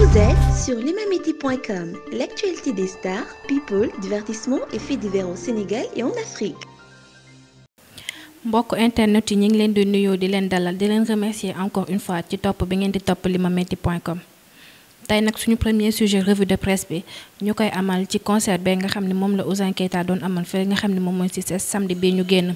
Vous êtes sur l'imamiti.com, l'actualité des stars, people, divertissement et faits divers au Sénégal et en Afrique. Mbok internet yi ñu ngi leen di nuyoo di leen dalal di leen remercier encore une fois ci top bi ngeen di top limametti.com tay nak suñu premier sujet revue de presse bi ñukay amal ci concert bi nga xamni mom la Ouzin Keita doon amal fële nga xamni mom moy mooy ci samedi bi ñu génn.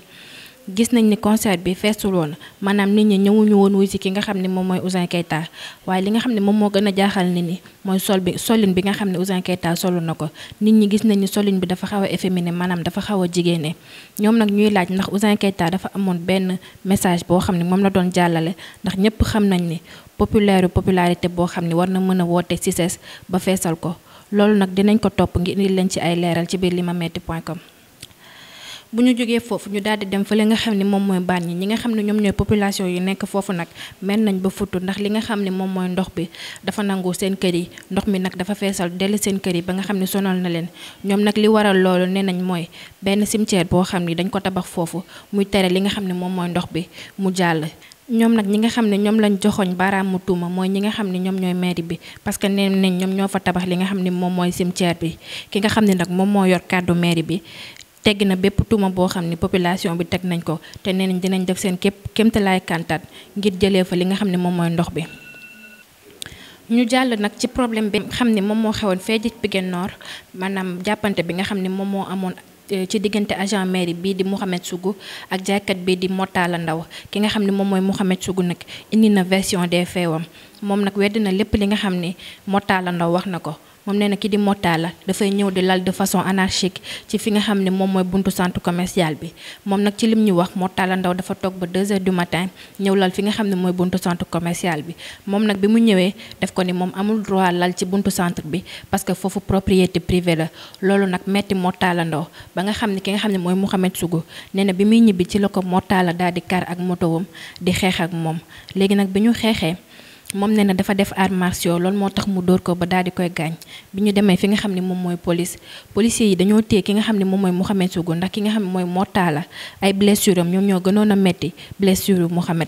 gis nañ ni concert bi feesul woon maanaam nit ñi ñëwuñu woon wuy si ki nga xam ne moom mooy Ouzin Keita waaye li nga xam ne moom moo gën a jaaxal nit ñi mooy sol bi solin bi nga xam ne Ouzin Keita na ko nit ñi nañ ni solin bi dafa xaw a efféminé maanaam dafa xaw a jigéene ñoom nag ñuy laaj ndax Ouzin Keita dafa amoon benn message boo xam ne moom la doon jàllale ndax ñëpp xam nañ ni populaire popularité boo xam ne war na mën a woote si sees ba feesal ko loolu nag dinañ ko topp ngir indi leen ci ay leeral ci biir limametti point com bu ñu jógee foofu ñu daal di dem fële nga xam ne moom mooy bànn ñi nga xam ne ñoom ñooy population yu nekk foofu nag mel nañ ba futu ndax li nga xam ne moom mooy ndox bi dafa nangu seen kër yi ndox mi nag dafa feesal dell seen kër yi ba nga xam ne sonal na leen ñoom nag li waral loolu nee nañ mooy benn cimetière boo xam ni dañ ko tabax foofu muy tere li nga xam ne moom mooy ndox bi mu jàll ñoom nag ñi nga xam ne ñoom lañ joxoñ baaraamu tuuma mooy ñi nga xam ne ñoom ñooy mairie bi parce que nee nañ ñoom ñoo fa tabax li nga xam ni moom mooy cimetière bi ki nga xam ne nag moom moo yor kàddu mairie bi tegg na bépp tuuma boo xam ne population bi teg nañ ko te nee nañ dinañ def seen képp kéemtalaay kantaat ngir jëlee fa li nga xam ne moom mooy ndox bi. ñu jàll nag ci problème bi xam ne moom moo xewoon fee ji Pikine Nord maanaam jàppante bi nga xam ne moom moo amoon. Eh, ci diggante agent mairie bii di Mouhamed Sougou ak jaaykat bii di Mortala Ndaw ki nga xam ne moom mooy Mouhamed Sougou nag indi na version des feewam moom nag wedd na lépp li nga xam ne Mortala Ndaw wax na ko moom nee na ki di Mota la dafay ñëw di lal de façon anarchique ci fi nga xam ne moom mooy buntu centre commercial bi moom nag ci lim ñu wax Mota la dafa toog ba 2 du matin ñëw fi nga xam ne mooy buntu centre commercial bi moom nag bi mu ñëwee def ko ni moom amul droit lal ci buntu centre bi parce que foofu propriété privée la loolu nag metti Mota la ndaw ba nga xam ne ki nga xam ne mooy Mouhamed Sougou nee na bi muy ñibbi ci la ko Mota la daal di kar ak motowam di xeex ak moom léegi nag bi ñu xeexee. moom ne na dafa def arts martiaux loolu moo tax mu dóor ko ba daal di koy gaañ bi ñu demee fi nga xam ne moom mooy police policiers yi dañoo téye ki nga xam ne moom mooy Mouhamed Sougou ndax ki nga xam ne mooy Mortala ay ñoom ñoo gënoon a metti blessure Mouhamed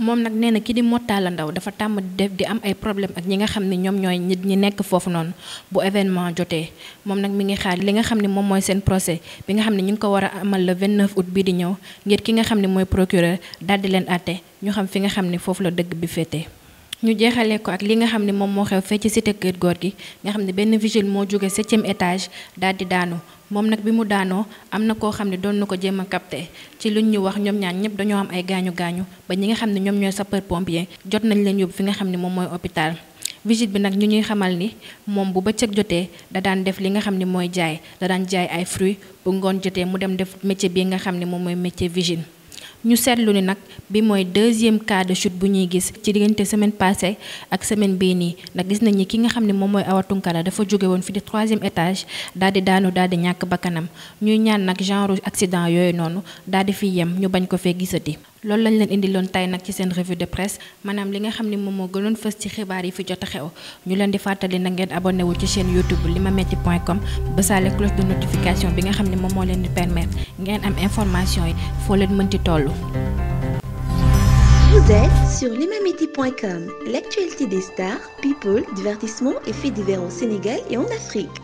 moom nag nee na ki di Mortala Ndaw dafa tàmm def di am ay problème ak ñi nga xam ne ñoom ñooy nit ñi nekk foofu noonu bu événement jotee moom nag mi ngi xaar li nga xam ne moom mooy seen procès bi nga xam ne ñu ngi ko war a amal le 29 août bii di ñëw ngir ki nga xam ne mooy procureur daldi leen àtte ñu xam fi nga xam ne foofu la dëgg bi féetee. ñu jeexalee ko ak li nga xam ne moom moo xew fee ci kër Keur gi nga xam ne benn vigile moo jóge septième étage daal di daanu moom nag bi mu daanoo am na koo xam ne doon na ko jéem a capté ci lu ñu wax ñoom ñaan ñëpp dañoo am ay gaañu gaañu ba ñi nga xam ne ñoom ñooy sapeur pompier jot nañ leen yóbbu fi nga xam ne moom mooy hôpital. vigile bi nag ñu ñuy xamal ni moom bu bëccëg jotee da daan def li nga xam ne mooy jaay da daan jaay ay fruits bu ngoon jotee mu dem def métier bi nga xam ne moom mooy métier vigile. ñu seetlu ni nag bi mooy deuxième cas de bu ñuy gis ci diggante semaine passée ak semaine bii nii ndax gis nañ ñi ki nga xam ne moom mooy Awa dafa jóge woon fi di troisième étage daal di daanu daal di ñàkk bakkanam ñuy ñaan nag genre accident yooyu noonu daal di fi yem ñu bañ ko fee gisati. loolu lañ leen indiloon tey nag ci seen revue de presse maanaam li nga xam ne moom moo gënoon fës ci xibaar yi fi jot a xew ñu leen di fàttali na ngeen abonné wu ci chaîne youtube limametti.com, point com ba cloche de notification bi nga xam ne moom moo leen di permettre ngeen am information yi foo leen mënti toll. Vous êtes sur limametti.com, l'actualité des stars, people, divertissement et faits divers au Sénégal et en Afrique.